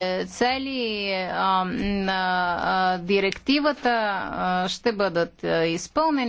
Е, цели на директивата ще бъдат е, изпълнени.